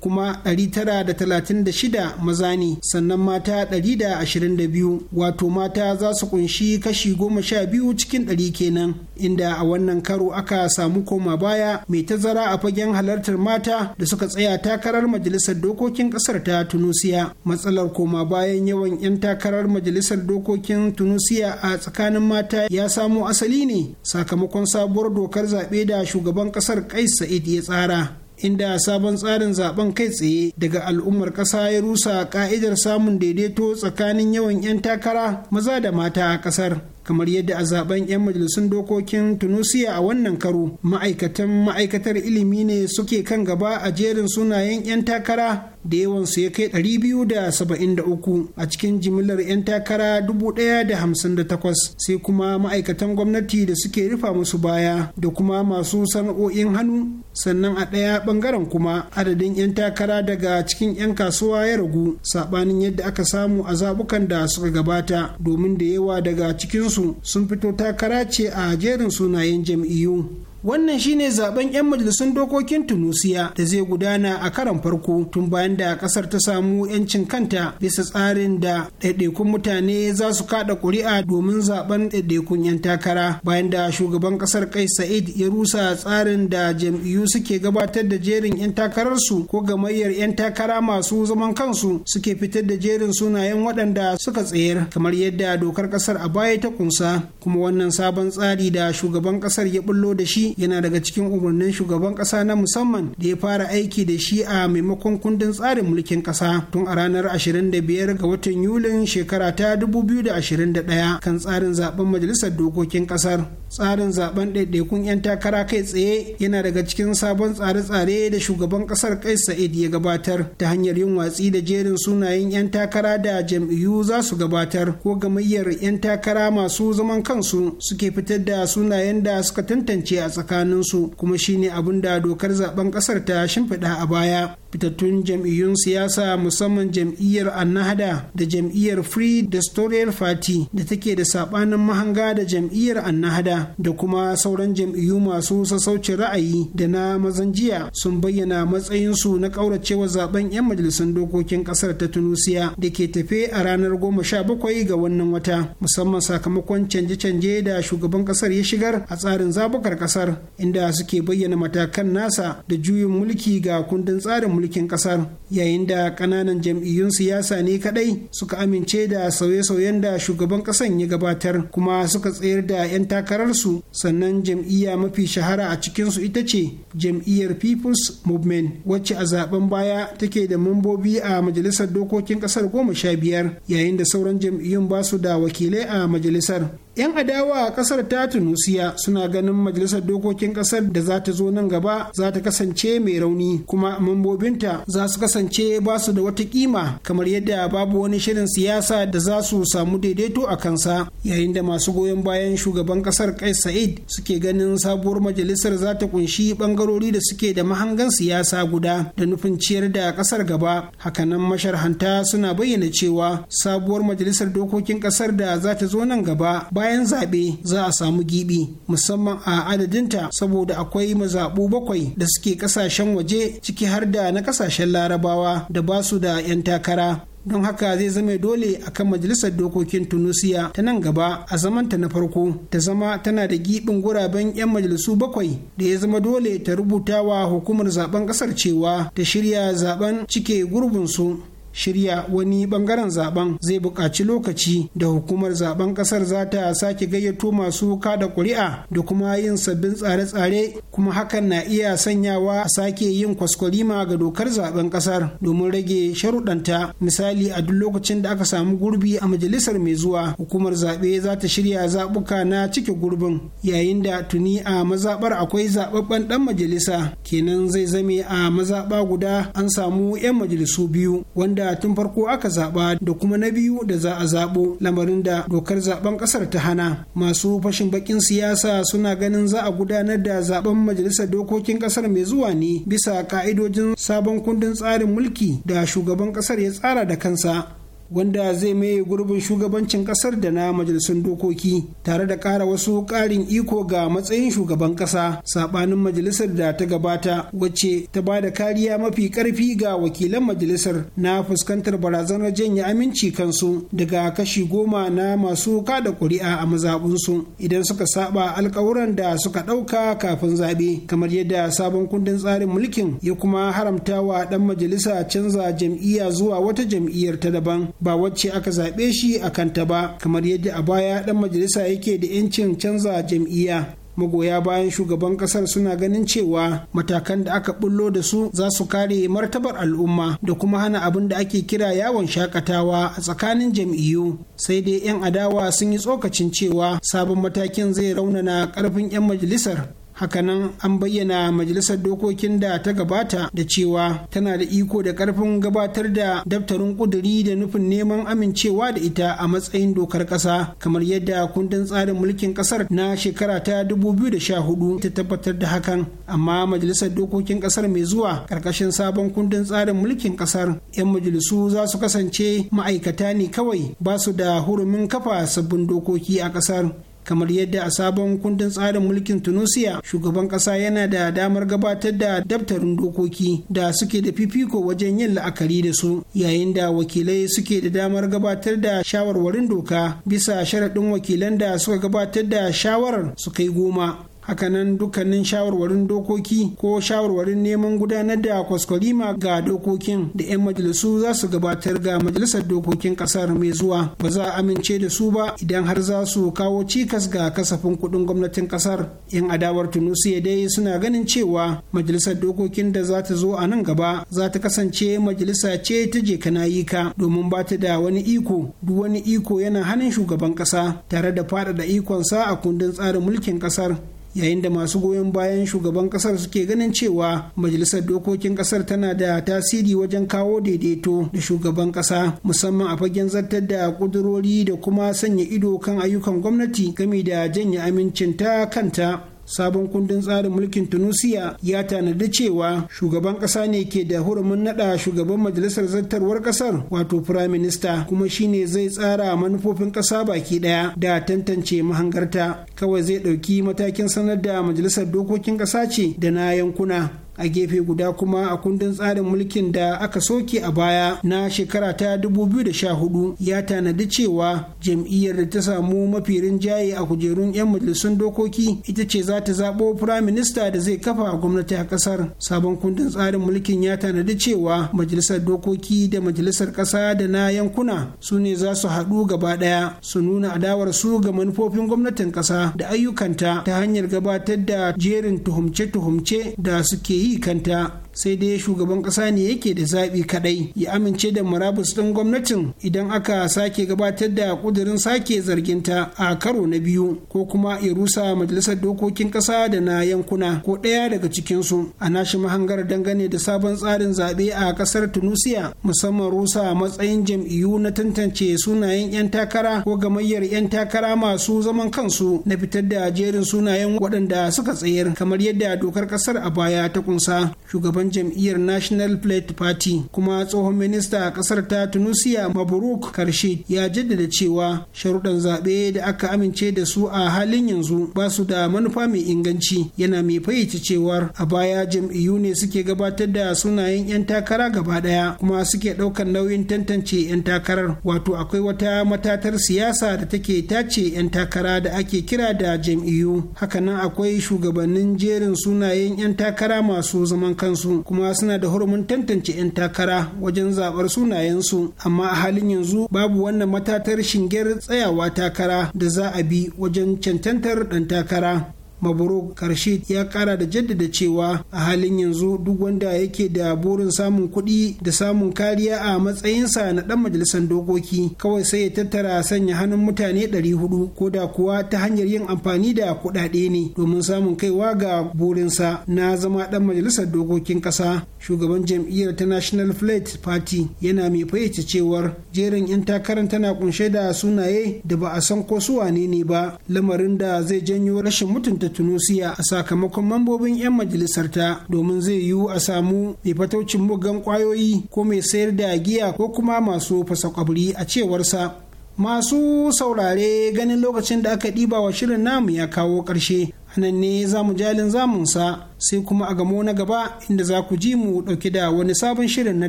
kuma ɗari tara da talatin da shida maza ne sannan mata ɗari da ashirin da wato mata za su kunshi kashi goma sha biyu cikin ɗari kenan inda a wannan karo aka samu koma baya mai tazara a fagen halartar mata da suka tsaya takarar majalisar dokokin ƙasar ta tunusiya matsalar koma bayan yawan 'yan takarar majalisar dokokin tunusiya a tsakanin mata ya samo asali ne sakamakon sabuwar dokar zaɓe da shugaban ƙasar kais sa'id ya kara inda sabon tsarin zaben kai tsaye daga al'ummar ƙasa ya rusa ka'idar samun daidaito tsakanin yawan 'yan takara maza da mata a ƙasar kamar yadda a zaben 'yan majalisun dokokin tunisia a wannan karo ma'aikatan ma'aikatar ilimi ne suke kan gaba a jerin sunayen 'yan takara da yawan su ya kai 273 a cikin jimillar 'yan takara 1,058 sai kuma ma'aikatan gwamnati da suke rufa musu baya da kuma masu sana'o'in hannu sannan a ɗaya ɓangaren kuma adadin 'yan takara daga cikin 'yan kasuwa ya ragu saɓanin yadda aka samu a zabukan da suka gabata domin da yawa daga cikinsu sun fito takara ce a jerin sunayen jam'iyyu wannan shine zaben 'yan majalisun dokokin tunusiya da zai gudana a karan farko tun bayan da kasar ta samu 'yancin kanta bisa tsarin da ɗaiɗaikun mutane za su kada ƙuri'a domin zaben ɗaiɗaikun 'yan takara bayan da shugaban kasar kai sa'id ya rusa tsarin da jam'iyyu suke gabatar da jerin 'yan takararsu ko gamayyar 'yan takara masu zaman kansu suke fitar da jerin sunayen waɗanda suka tsayar kamar yadda dokar kasar a baya ta kunsa kuma wannan sabon tsari da shugaban kasar ya bullo da shi yana daga cikin umarnin shugaban kasa na musamman da ya fara aiki da shi a maimakon kundin tsarin mulkin kasa tun a ranar 25 ga watan Yulin shekara ta 2021 kan tsarin zaben majalisar dokokin kasar Tsarin zaben ɗaiɗaikun 'yan takara kai tsaye yana daga cikin sabon tsare-tsare da shugaban kasar Kais Sa'id ya gabatar ta hanyar yin watsi da jerin sunayen 'yan takara da jam'iyyu za su gabatar ko gamayyar 'yan takara masu zaman kansu suke fitar da sunayen da suka tantance a tsakanin su kuma shine abin da dokar zaben kasar ta shimfiɗa a baya fitattun jam'iyyun siyasa musamman jam'iyyar annahada da jam'iyyar free destorial party da take da sabanin mahanga da jam'iyyar annahada da kuma sauran jam'iyyu masu sassaucin ra'ayi da na mazan jiya sun bayyana matsayinsu na kauracewa zaben 'yan majalisar dokokin kasar ta tunusiya da ke tafe a ranar goma sha bakwai ga wannan wata musamman sakamakon canje-canje da shugaban kasar ya shigar a tsarin zabukar kasar kasar inda suke bayyana matakan nasa da juyin mulki ga kundin tsarin mulkin kasar yayin da kananan jam'iyyun siyasa ne kadai suka amince da sauye-sauyen da shugaban kasan ya gabatar kuma suka tsayar da 'yan takararsu sannan jam'iyya mafi shahara a cikinsu ita ce jam'iyyar people's movement wacce a zaben baya take da mambobi a majalisar dokokin kasar goma sha biyar yayin da sauran jam'iyyun ba su da wakilai a majalisar 'yan adawa a kasar ta tunusiya suna ganin majalisar dokokin kasar da za ta zo nan gaba za ta kasance mai rauni kuma mambobinta za su kasance ba su da wata kima kamar yadda babu wani shirin siyasa da za su samu daidaito a kansa yayin da masu goyon bayan shugaban kasar kais sa'id suke ganin sabuwar majalisar za ta kunshi bangarori da suke da mahangan siyasa guda da nufin ciyar da kasar gaba hakanan masharhanta suna bayyana cewa sabuwar majalisar dokokin kasar da za ta zo nan gaba baya bayan zaɓe za a samu giɓi musamman a adadinta saboda akwai mazaɓu bakwai da suke ƙasashen waje ciki har da na ƙasashen larabawa da ba su da 'yan takara don haka zai zama dole a kan majalisar dokokin tunisia ta nan gaba a zamanta na farko ta zama tana da giɓin guraben 'yan majalisu bakwai da ya zama dole ta rubuta wa hukumar zaben ƙasar cewa ta shirya zaben cike gurbinsu shirya wani bangaren zaben zai buƙaci lokaci da hukumar zaben ƙasar za ta sake gayyato masu kada ƙuri'a da kuma yin sabbin tsare-tsare kuma hakan na iya sanyawa a sake yin kwaskwalima ga dokar zaben ƙasar domin rage sharuɗanta misali a duk lokacin da aka samu gurbi a majalisar mai zuwa hukumar zaɓe za ta shirya zaɓuka na cike gurbin yayin da tuni a mazaɓar akwai zaɓaɓɓen ɗan majalisa kenan zai zame a mazaɓa guda an samu 'yan majalisu biyu wanda da tun farko aka zaba da kuma na biyu da za a zabo lamarin da dokar zaben kasar ta hana masu fashin bakin siyasa suna ganin za a gudanar da zaben majalisar dokokin kasar mai zuwa ne bisa ka'idojin sabon kundin tsarin mulki da shugaban kasar ya tsara da kansa wanda zai maye gurbin shugabancin kasar da na majalisun dokoki tare da ƙara wasu ƙarin iko ga matsayin shugaban ƙasa saɓanin majalisar da ta gabata wacce ta ba da kariya mafi ƙarfi ga wakilan majalisar na fuskantar barazanar janye aminci kansu daga kashi goma na masu kada ƙuri'a a mazaɓunsu idan suka saba alkawuran da suka ɗauka kafin zaɓe kamar yadda sabon kundin tsarin mulkin ya kuma haramta wa ɗan majalisa canza jam'iyya zuwa wata jam'iyyar ta daban ba wacce aka zaɓe shi a kanta ba kamar yadda a baya ɗan majalisa yake da 'yancin canza jam'iyya magoya bayan shugaban ƙasar suna ganin cewa matakan da aka bullo da su za su kare martabar al'umma da kuma hana abin da ake kira yawon shakatawa a tsakanin jam'iyyu sai dai 'yan adawa sun yi tsokacin cewa sabon matakin zai raunana karfin 'yan majalisar hakanan an bayyana majalisar dokokin da ta gabata da cewa tana da iko da karfin gabatar da daftarin kuduri da nufin neman amincewa da ita a matsayin dokar kasa kamar yadda kundin tsarin mulkin kasar na shekara ta 2014 ta tabbatar da hakan amma majalisar dokokin kasar mai zuwa karkashin sabon kundin tsarin mulkin kasar 'yan majalisu za su kasance ma'aikata ne kawai ba su da hurumin kafa sabbin dokoki a kasar kamar yadda a sabon kundin tsarin mulkin tunisia shugaban kasa yana da damar gabatar da daftarin dokoki da suke da fifiko wajen yin la'akari da su yayin da wakilai suke da damar gabatar da shawarwarin doka bisa sharaɗin wakilan da suka gabatar da shawarar su kai goma hakanan dukkanin shawarwarin dokoki ko shawarwarin neman gudanar da kwaskwalima ga dokokin da 'yan majalisu za su gabatar ga majalisar dokokin kasar mai zuwa ba za a amince da su ba idan har za su kawo cikas ga kasafin kuɗin gwamnatin kasar 'yan adawar tunusiya dai suna ganin cewa majalisar dokokin da za ta zo a nan gaba za ta kasance majalisa ce ta je kana yi ka domin ba ta da wani iko duk wani iko yana hannun shugaban kasa tare da faɗaɗa ikonsa a kundin tsarin mulkin kasar yayin da masu goyon bayan shugaban kasar suke ganin cewa majalisar dokokin kasar tana da tasiri wajen kawo daidaito da shugaban kasa musamman a fagen zartar da kudurori da kuma sanya ido kan ayyukan gwamnati game da janye amincinta kanta sabon kundin tsarin mulkin tunisia ya tanadi cewa shugaban kasa ne ke da hurumin nada shugaban majalisar zartarwar kasar wato prime minister kuma shine zai tsara manufofin kasa baki daya da tantance mahangarta kawai zai dauki matakin sanar da majalisar dokokin kasa ce da na yankuna a gefe guda kuma a kundin tsarin mulkin da aka soke a baya na shekara ta 2014 ya tanadi cewa jam'iyyar da ta samu mafi rinjaye a kujerun 'yan majalisun dokoki ita ce za ta zaɓo firayim da zai kafa gwamnati a ƙasar sabon kundin tsarin mulkin ya tanadi cewa majalisar dokoki da majalisar ƙasa da na yankuna su ne za su haɗu gaba ɗaya su nuna adawar su ga manufofin gwamnatin ƙasa da ayyukanta ta hanyar gabatar da jerin tuhumce-tuhumce da suke yi هي كانت sai dai shugaban ƙasa ne yake da zaɓi kaɗai ya amince da murabus ɗin gwamnatin idan aka sake gabatar da ƙudurin sake zarginta a karo na biyu ko kuma ya rusa majalisar dokokin ƙasa da na yankuna ko ɗaya daga cikinsu a nashi mahangar dangane da sabon tsarin zaɓe a ƙasar tunisia musamman rusa matsayin jam'iyyu na tantance sunayen 'yan takara ko gamayyar 'yan takara masu zaman kansu na fitar da jerin sunayen waɗanda suka tsayar kamar yadda dokar ƙasar a baya ta kunsa shugaban jam'iyyar national plate party kuma tsohon minista a kasar ta tunisia mabruk karshe ya jaddada cewa sharuɗan zaɓe da aka amince da su a halin yanzu ba su da manufa mai inganci yana mai fayyace cewar a baya jam'iyyu ne suke gabatar da sunayen 'yan takara gaba ɗaya kuma suke ɗaukar nauyin tantance 'yan takarar wato akwai wata matatar siyasa da take tace 'yan takara da ake kira da jam'iyyu hakanan akwai shugabannin jerin sunayen 'yan takara masu zaman kansu kuma suna da hormon tantance 'yan takara wajen zaɓar sunayensu amma a halin yanzu babu wannan matatar shingen tsayawa takara da za a bi wajen cancantar ɗan takara maburu karshe ya kara da jaddada cewa a halin yanzu duk wanda yake da burin samun kuɗi da samun kariya a matsayinsa na ɗan majalisar dokoki kawai sai ya tattara sanya hannun mutane 400 ko da kuwa ta hanyar yin amfani da kuɗaɗe ne domin samun kaiwa ga burinsa na zama ɗan majalisar dokokin ƙasa shugaban jam'iyyar ta national flight party yana mai fayyace cewar jerin 'yan takarar tana kunshe da sunaye da ba a san ko su wane ne ba lamarin da zai janyo rashin mutunta da tunusiya a sakamakon mambobin 'yan majalisar ta domin zai yiwu a samu mai fataucin muggan kwayoyi ko mai sayar da giya ko kuma masu fasa kwabri a cewarsa masu saurare ganin lokacin da aka ɗiba wa shirin namu ya kawo ƙarshe nan ne za mu jalin zamunsa sai kuma a gamo na gaba inda za ku ji mu ɗauki da wani sabon shirin na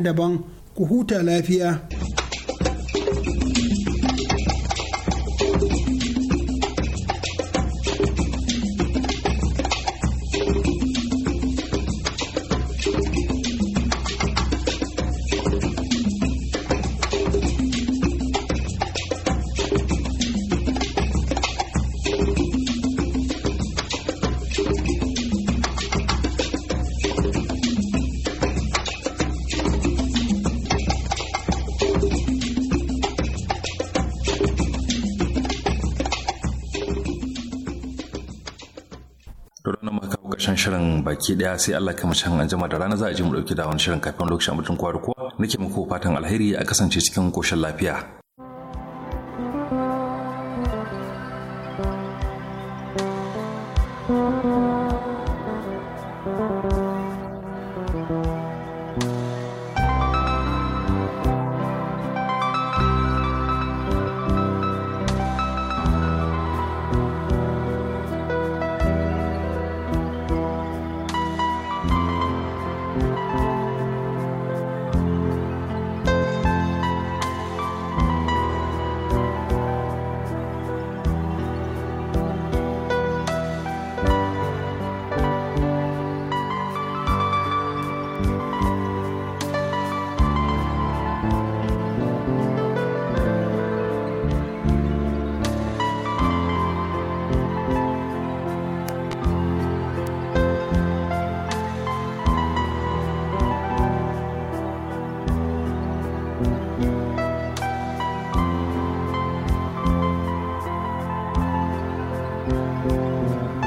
daban ku huta lafiya. baki daya sai Allah kama can jama'a da rana za a je mu dauki da wani shirin kafin lokacin mutum kowa na ke nake muku fatan alheri a kasance cikin koshin lafiya Thank you.